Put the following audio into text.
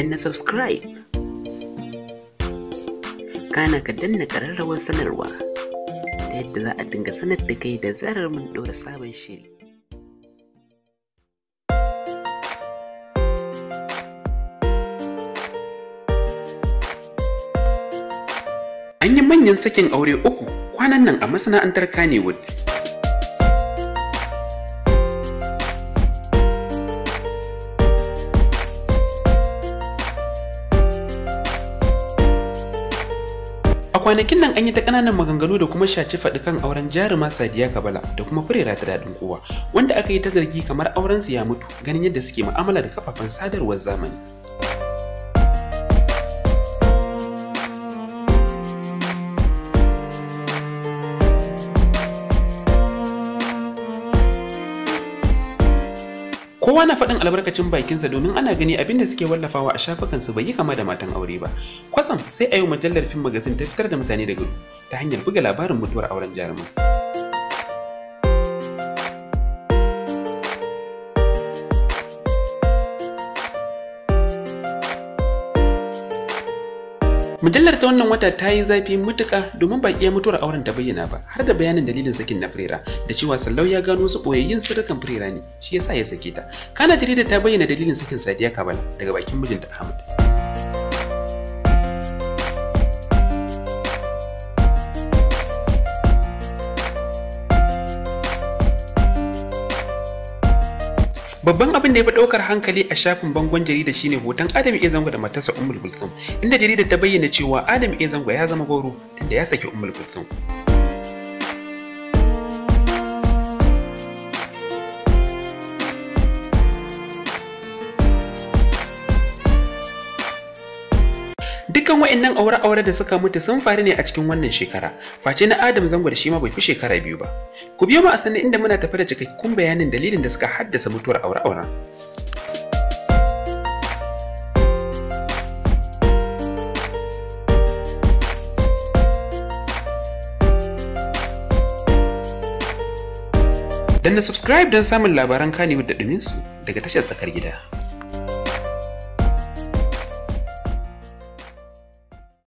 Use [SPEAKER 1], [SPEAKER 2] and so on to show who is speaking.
[SPEAKER 1] danna subscribe kana ka danna ƙararrawar sanarwa ta yadda za a dinga sanar da kai da zarar mun ɗora sabon shiri an yi manyan sakin aure uku kwanan nan a masana'antar kanewood A kwanakin nan an yi ta kananan maganganu da kuma shaci faɗi kan auren jaruma Sadiya Kabala da kuma Furera ta daɗin kowa, wanda aka yi ta zargi kamar aurensu ya mutu ganin yadda suke mu'amala da kafafen sadarwar zamani. kowa na faɗin albarkacin bakinsa domin ana gani abin da suke wallafawa a shafukansu bai yi kama da matan aure ba kwasam sai a yau mujallar fim magazin ta fitar da mutane da gudu ta hanyar buga labarin mutuwar auren jarumai Mujallar ta wannan wata ta yi zafi mutuka domin ba iya mutuwar auren ta bayyana ba har da bayanin dalilin sakin na Firera da cewa Sallau ya gano su ɓoyayyun sirrukan Firera ne shi yasa ya sake ta. Kana jarida ta bayyana dalilin sakin Sadiya Kabala daga bakin mijinta Ahmad. Babban abin da ya fi ɗaukar hankali a shafin bangon jarida shine hoton Adam ezango da matarsa Ummul Kulthum, inda jaridar ta bayyana cewa Adam A ya zama goro tunda ya saki Ummul Kulthum. dukkan wa'annan aure-aure da suka mutu sun faru ne a cikin wannan shekara face na adam zango da shi ma bai fi shekara biyu ba ku biyo mu a sanin inda muna tafi da cikakkun bayanin dalilin da suka haddasa mutuwar aure-auren Dan na subscribe don samun labaran Kannywood da ɗuminsu daga tashar tsakar gida.